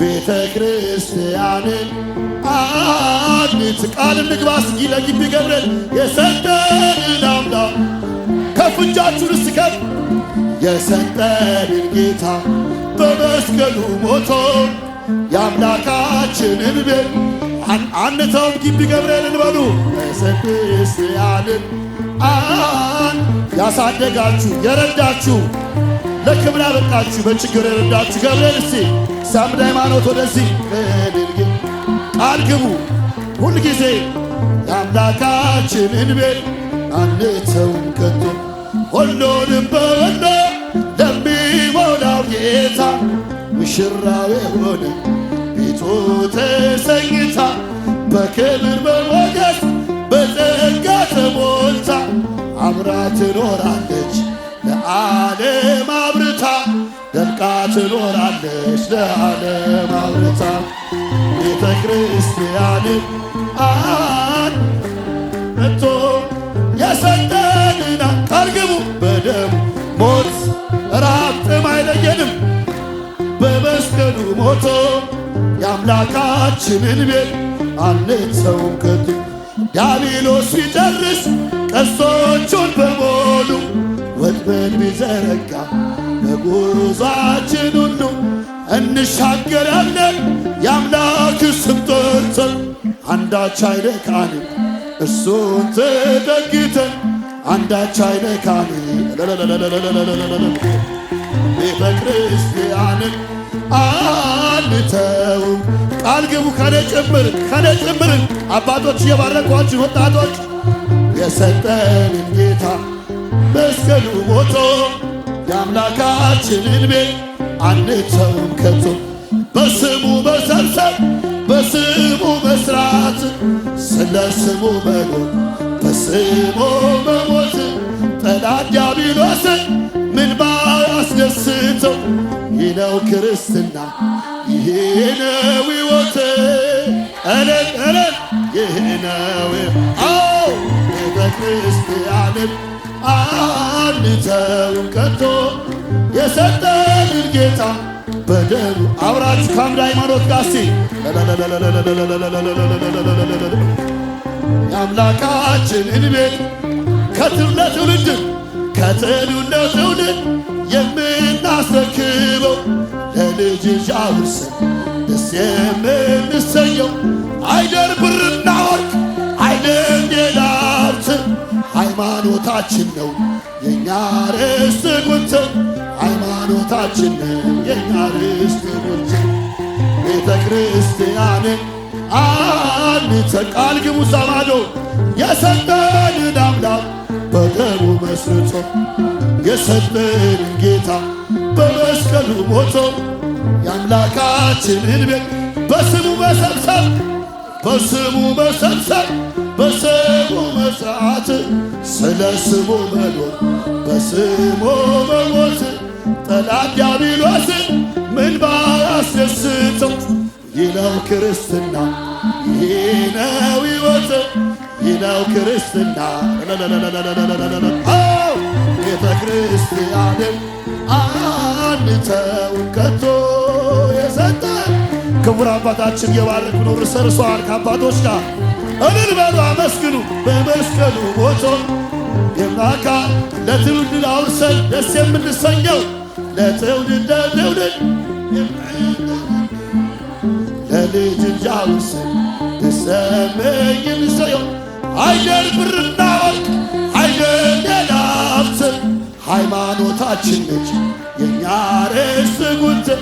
ቤተ ክርስቲያንን አድንት። ቃል እንግባ እስኪ ለግቢ ገብርኤል የሰጠንን አምላክ ከፍ እጃችሁን እስቲ የሰጠንን ጌታ በመስቀሉ ሞቶ የአምላካችንን ቤት አንተውም። ግቢ ገብርኤልን በሉ ቤተ ክርስቲያንን አን ያሳደጋችሁ የረዳችሁ ለክብር ያበቃችሁ በችግር የረዳችሁ ገብርኤል እስቲ ሳምድ ሃይማኖት ወደዚህ ቅድርግ አልግቡ ጊዜ የአምላካችንን ቤት አንተውም ከቶ ሁሉንም በወሎ ለሚሞላው ጌታ ሙሽራው የሆነ ቤቱ ተሰኝታ በክብር በሞገስ በጸጋ ተሞልታ አብራ ትኖራለች ለዓለም አብርታ ደምቃ ትኖራለች ለዓለም አብርታ ቤተ ክርስቲያንን አን መቶ የሰጠንና አርግቡ በደም ሞት ራብጥም አይለየንም በመስቀሉ ሞቶ የአምላካችንን ቤት አንሰውም ከቶ ዲያብሎስ ሲጨርስ ቀስቶቹን በሞሉ ወጥመድ ቢዘረጋ በጉዟችን ሁሉ እንሻገራለን። የአምላክ ስም ጠርተን አንዳች አይነካንም። እርሱን ተጠግተን አንዳች አይነካንም። ቤተ ክርስቲያንን ቃል ግቡ ከኔ ጭምር ከኔ ጭምር አባቶች እየባረኳችሁ ወጣቶች የሰጠንን ጌታ በመስቀሉ ሞቶ የአምላካችንን ቤት አንተውም ከቶ በስሙ መሰብሰብ በስሙ መስራት ስለ ስሙ መኖር በስሙ መሞት ጠላት ዲያብሎስን ምን ባያስደስተው ይህ ነው ክርስትና ይሄ ነው ሕይወት እለት እለት ይህ ነው አዎ ቤተ ክርስቲያንም አንተውም ከቶ የሰጠንን ጌታ በደሉ አብራችሁ ከአምድ ሃይማኖት ጋር የአምላካችንን ቤት ከትውልድ ለትውልድ ከትውልድ ለትውልድ የምናስረክበው ለልጅ አውርሰን ደስ የምንሰየው አይደር ብርና ወርቅ አይደር ጌዳ ሃይማኖታችን ነው የኛ ርስት ጉንትን ሃይማኖታችን ነው የኛ ርስት ጉንትን ቤተ ክርስቲያንን አንተን ቃል ግቡ ሰማዶ የሰጠንን አምላክ በደሙ መስርቶ የሰጠን ጌታ በመስቀሉ ሞቶ የአምላካችንን ቤት በስሙ መሰብሰብ በስሙ መሰብሰብ በስሙ መስራት ስለ ስሙ መኖር በስሙ መሞት ጠላት ዲያብሎስን ምን ባያስደስተው ይለው ክርስትና ይህ ነው ሕይወት ይህ ክርስትና ቤተ ክርስቲያንን አንተው ከቶ የሰጠ ክቡር አባታችን የባረክ ኑር ሰርሷል ከአባቶች ጋር እልል በሉ አመስግኑ። በመስቀሉ ሞቶ የማካ ለትውልድ አውርሰን ደስ የምንሰኘው ለትውልድ ለትውልድ ለልጅ ልጅ አውርሰን ደስ የምንሰኘው አይደር ብርና ወርቅ አይደር የናፍስን ሃይማኖታችን ነች የኛ ርዕሰ ጉዳይ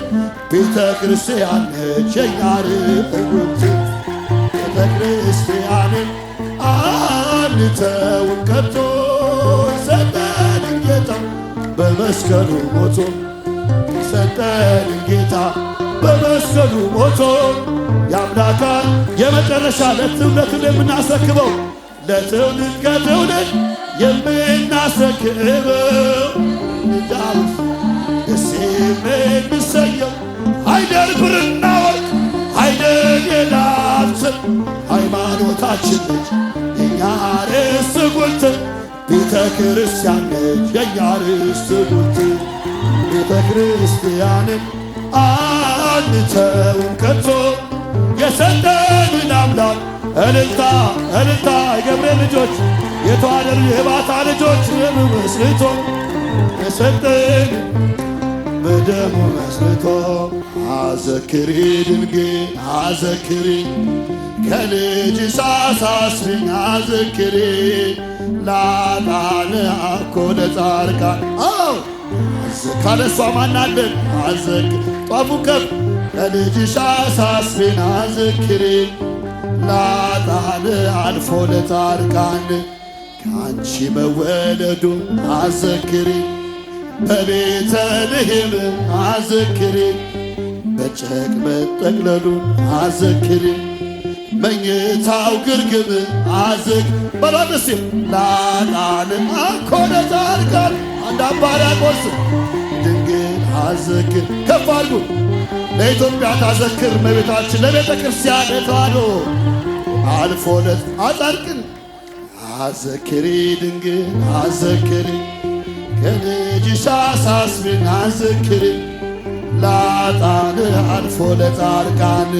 ቤተ ክርስቲያን ነች የኛ ርዕሰ ጉዳይ ቤተ ክርስቲያንን አንተውን ከቶ ሰጠን ጌታ በመስቀሉ ሞቶ ሰጠን ጌታ በመስቀሉ ሞቶ የአምላካን የመጨረሻ ለትውለት የምናሰክበው ለትውልድ ከትውልድ የምናስረክበው ዳዊት ደስ የምንሰየው አይደል ብርና ወርቅ አይደል የላትን ሃይማኖታችን ነች የኛ ርስት ጉልት ቤተ ክርስቲያን ነች የኛ ርስት ጉልት ቤተ ክርስቲያንን አንተውን ከቶ የሰጠ እልልታ እልልታ የገብርኤል ልጆች የተዋደሉ የባታ ልጆች መስርቶ የሰጠን በደሙ መስርቶ አዘክሪ ድንግል አዘክሪ ከልጅ ሳሳስኝ አዘክሪ ላጣነ አኮ ለጻርቃ ካለሷ ማናለን አዘክ ጧፉ ከፍ ከልጅ ሳሳስኝ አዘክሪ ላጣን አልፎ ለጻድቃን ከአንቺ መወለዱ አዘክሪ በቤተ ልሔም አዘክሪ በጨቅ መጠቅለሉ አዘክሪ መኝታው ግርግብ አዝግ በሎንስ ላጣን አኮ ለጻድቃን አንድ አባሪያ ቆርስ ታዘክር ከፍ አድርጉ። ለኢትዮጵያ ታዘክር እመቤታችን ለቤተ ክርስቲያን ተዋሕዶ አልፎ ለት አጻድቅን አዘክሪ ድንግል አዘክሪ ከልጅሽ አሳስብን አዘክሪ ላጣን አልፎ ለጻድቃን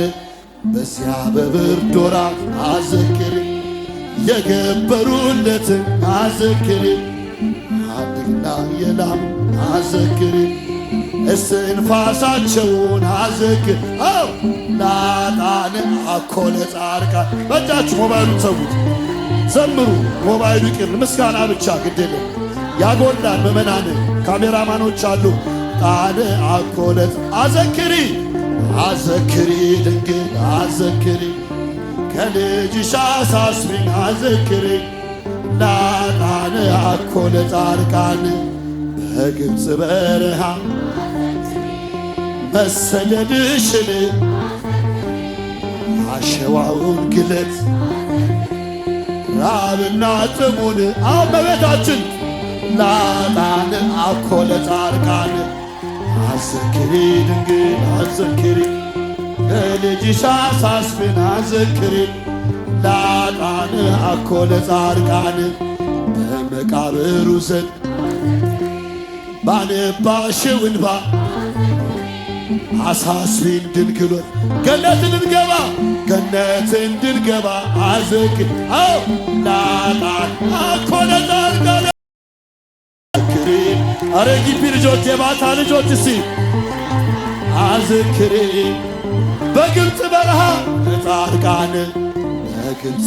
በዚያ በብርድ ወራት አዘክሪ የገበሩለትን አዘክሪ አድግና የላም አዘክሪ እስንፋሳቸውን አዘግ አው ላጣን አኮ ለጻርቃ በእጃችሁ ሞባይሉን ሰውት ዘምሩ። ሞባይሉ ይቅር፣ ምስጋና ብቻ ግድል ያጎላን ምእመናን ካሜራማኖች አሉ። ጣን አኮ ለጽ አዘክሪ አዘክሪ ድንግል አዘክሪ ከልጅሽ አሳስቢኝ አዘክሪ ላጣን አኮ ለጻርቃን ከግብፅ በረሃ መሰደድሽን አሸዋውን ግለት ራብና ጥሙን አመቤታችን ላጣን አኮለ ጻርቃን አዘክሪ ድንግል አዘክሪ ለልጅሽ አሳስብን አዘክሪ ላጣን አኮለ ጻርቃን በመቃብሩ ዘንድ ባነባሽው እንባ አሳስቢን ድንግሎት ገነት እንድንገባ ገነት እንድንገባ አዘግ አው ላጣን አኮነጣርጋለ አረ ጊቢ ልጆች የማታ ልጆች እስቲ አዝክሬ በግብፅ በረሃ ለጻድቃን በግብፅ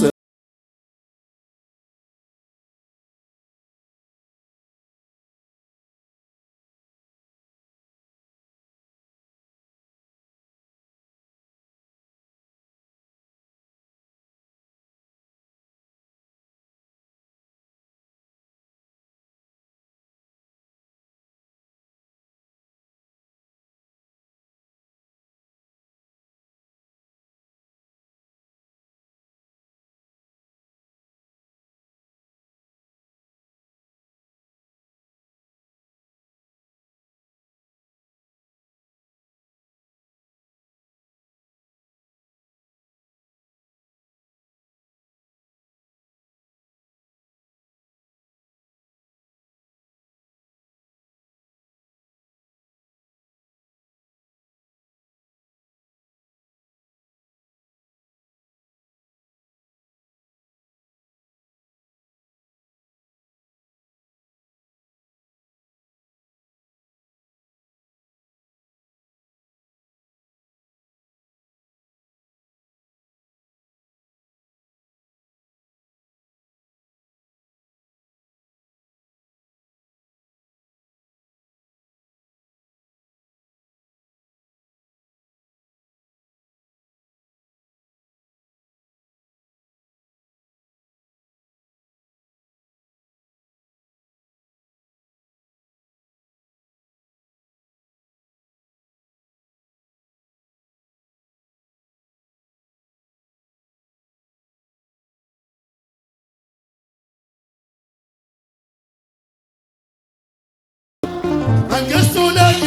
መንግስቱ ለጊ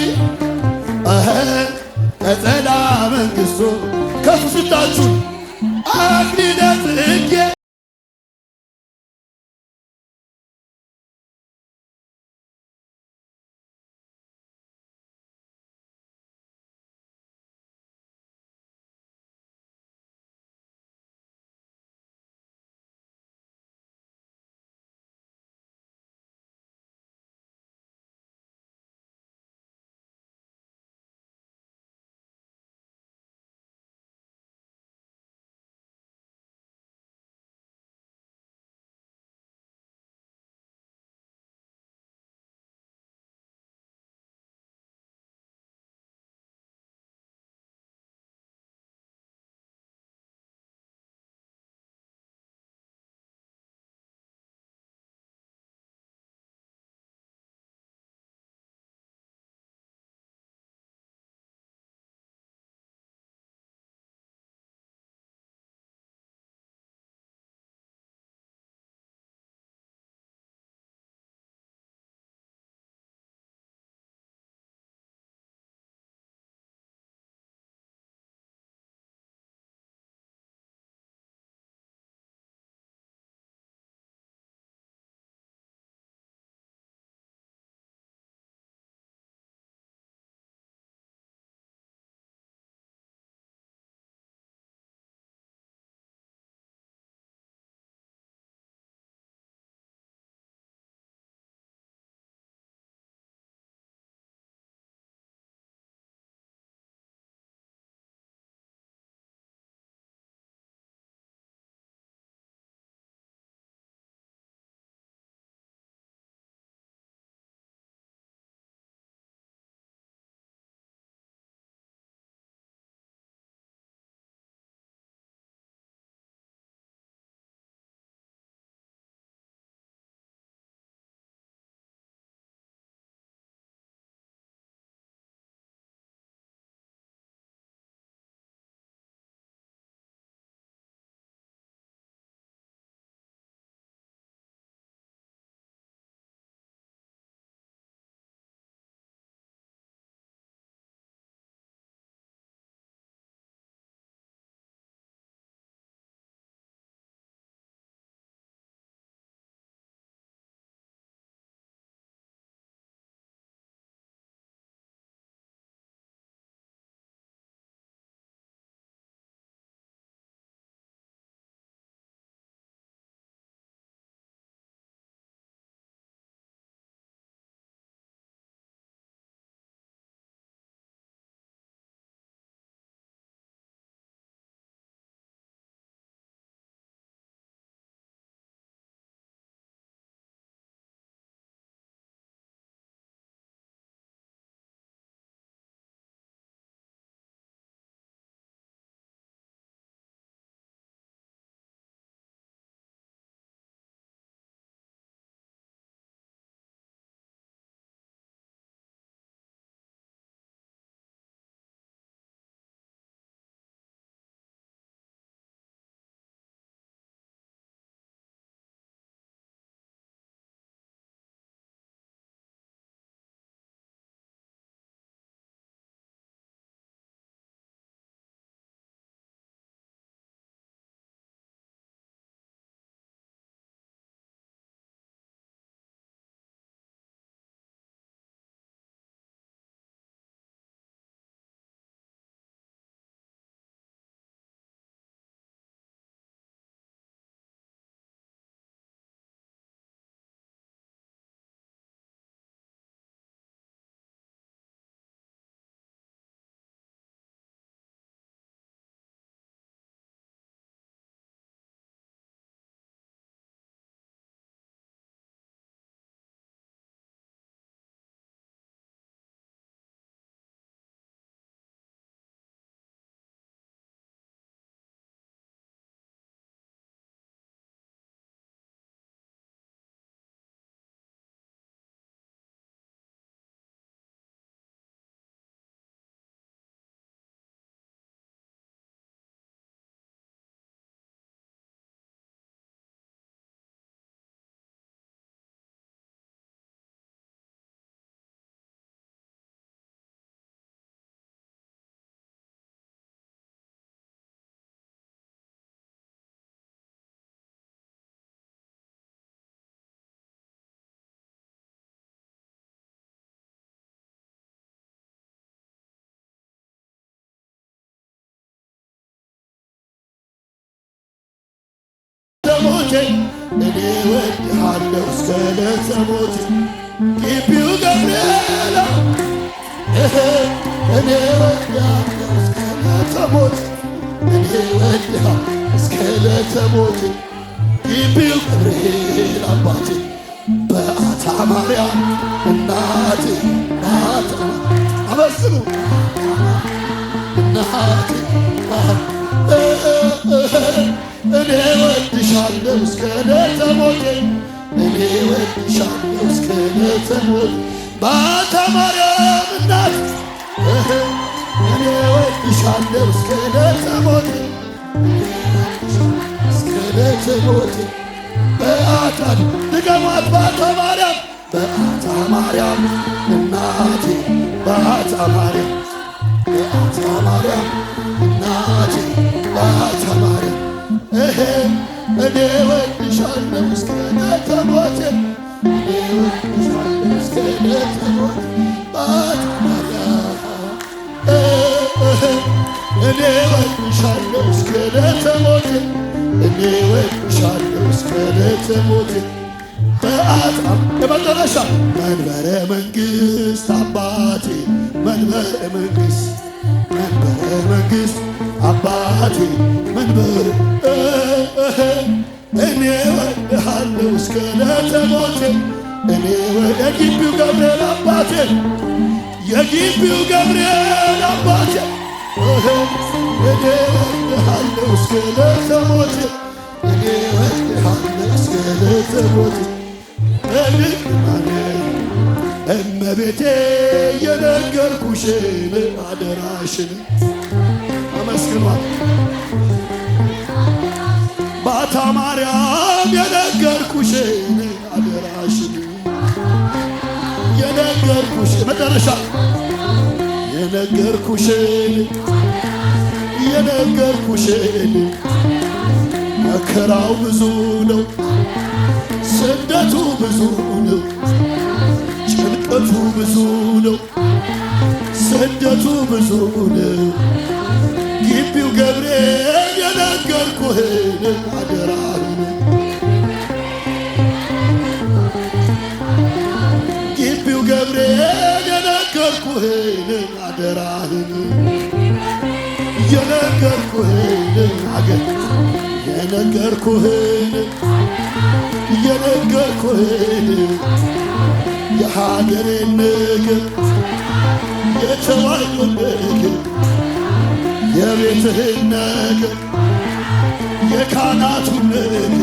ነጠላ መንግስቱ ከፍ ስታችሁ አክሊለ ጽጌ ሞቴ እኔ ወድሃለሁ እስከ ዕለተ ሞቴ ግቢው ገብርኤል እኔ ወድሃለሁ እስከ ዕለተ ሞቴ እኔ ወድሃለሁ እስከ ዕለተ ሞቴ ግቢው ገብርኤል አባቴ በአታ ማርያም እናቴ ናት አመስሉ እናቴ እኔ እወድሻለሁ እስከ ዕለተ ሞቴ እኔ እወድሻለሁ እስከ ዕለተ ሞቴ በአንተ ማርያም እናት እኔ እወድሻለሁ እስከ ዕለተ ሞቴ እስከ ዕለተ ሞቴ ድገማት ማርያም በአታ ማርያም እናቴ በአታ ማርያም በአታ ማርያም እናቴ በአታ ማርያም እኔ ወድሻለሁ እስከ ሞቴ እኔ ወድሻለሁ እስከ ሞቴ ማቱ ማርያም እኔ ወድሻለሁ እስከ ሞቴ እኔ ወድሻለሁ እስከ ሞቴ በአጽም መንበረ መንግስት አባቴ መንበረ መንግሥት መንበረ መንግሥት አባቴ ምን ብል እኔ እወድሃለሁ እስከ ዕለተ ሞቴ እኔ የግቢው ገብርኤል አባቴ የግቢው ገብርኤል አባቴ እኔ እወድሃለሁ እስከ ዕለተ ሞቴ እኔ እወድሃለሁ እስከ ዕለተ ሞቴ በልቅማኔ እመቤቴ የነገርኩሽን አደራሽን መስግኗ ባታ ማርያም የነገርኩሽ አደራሽ የነገርኩሽ መጨረሻ የነገርኩሽን የነገርኩሽን መከራው ብዙ ነው፣ ስደቱ ብዙ ነው፣ ጭንቀቱ ብዙ ነው፣ ስደቱ ብዙ ነው። የነገርኩህን የነገርኩህን የሀገሬን ምግብ የተዋዩን ምግብ የቤትህን ነገር የካህናቱን ምግብ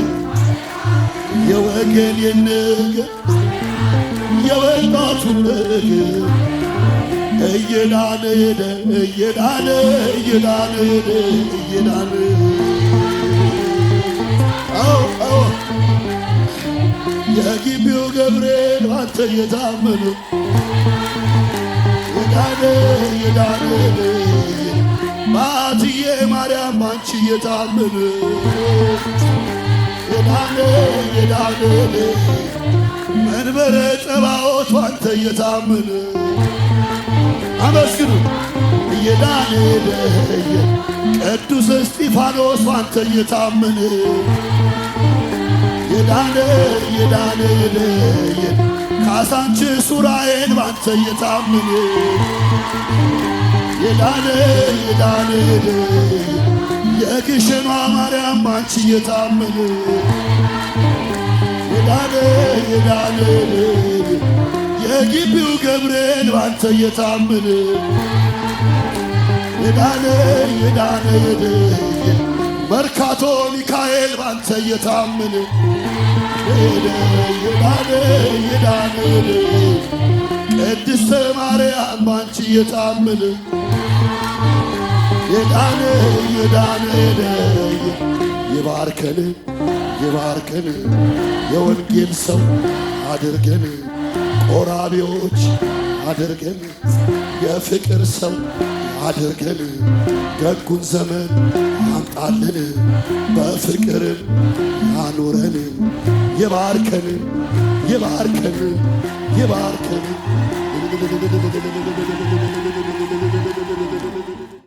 የወገኔን ነገር የወጣቱን ምግብ እየዳነ እየዳነ እየዳነ እየዳነ የግቢው ገብርኤል አንተ የታመነ የዳነ የዳነ ማትዬ ማርያም አንቺ የታመነ የዳነ የዳነ መንበረ ጸባዖት አንተ የታመነ አመስግኑ የዳነ ቅዱስ እስጢፋኖስ አንተ የታመነ የዳነ የዳነ ካሳንች ሱራዬን ባንተ የታመነ የዳነ የዳነ የግሸኗ ማርያም ባንቺ የታመነ የዳነ የዳነ የግቢው ገብርኤል ባንተ የታመነ የዳነ የዳነ መርካቶ ሚካኤል ባንተ እየታመነ የዳነ የዳነ ቅድስተ ማርያም ባንቺ እየታመነ የዳነ የዳነ የባርከን የባርከን የወንጌል ሰው አድርገን ቆራቢዎች አድርገን የፍቅር ሰው አድርገን ደጉን ዘመን ያብቃልን፣ በፍቅር ያኑረን፣ ይባርከን፣ ይባርከን፣ ይባርከን።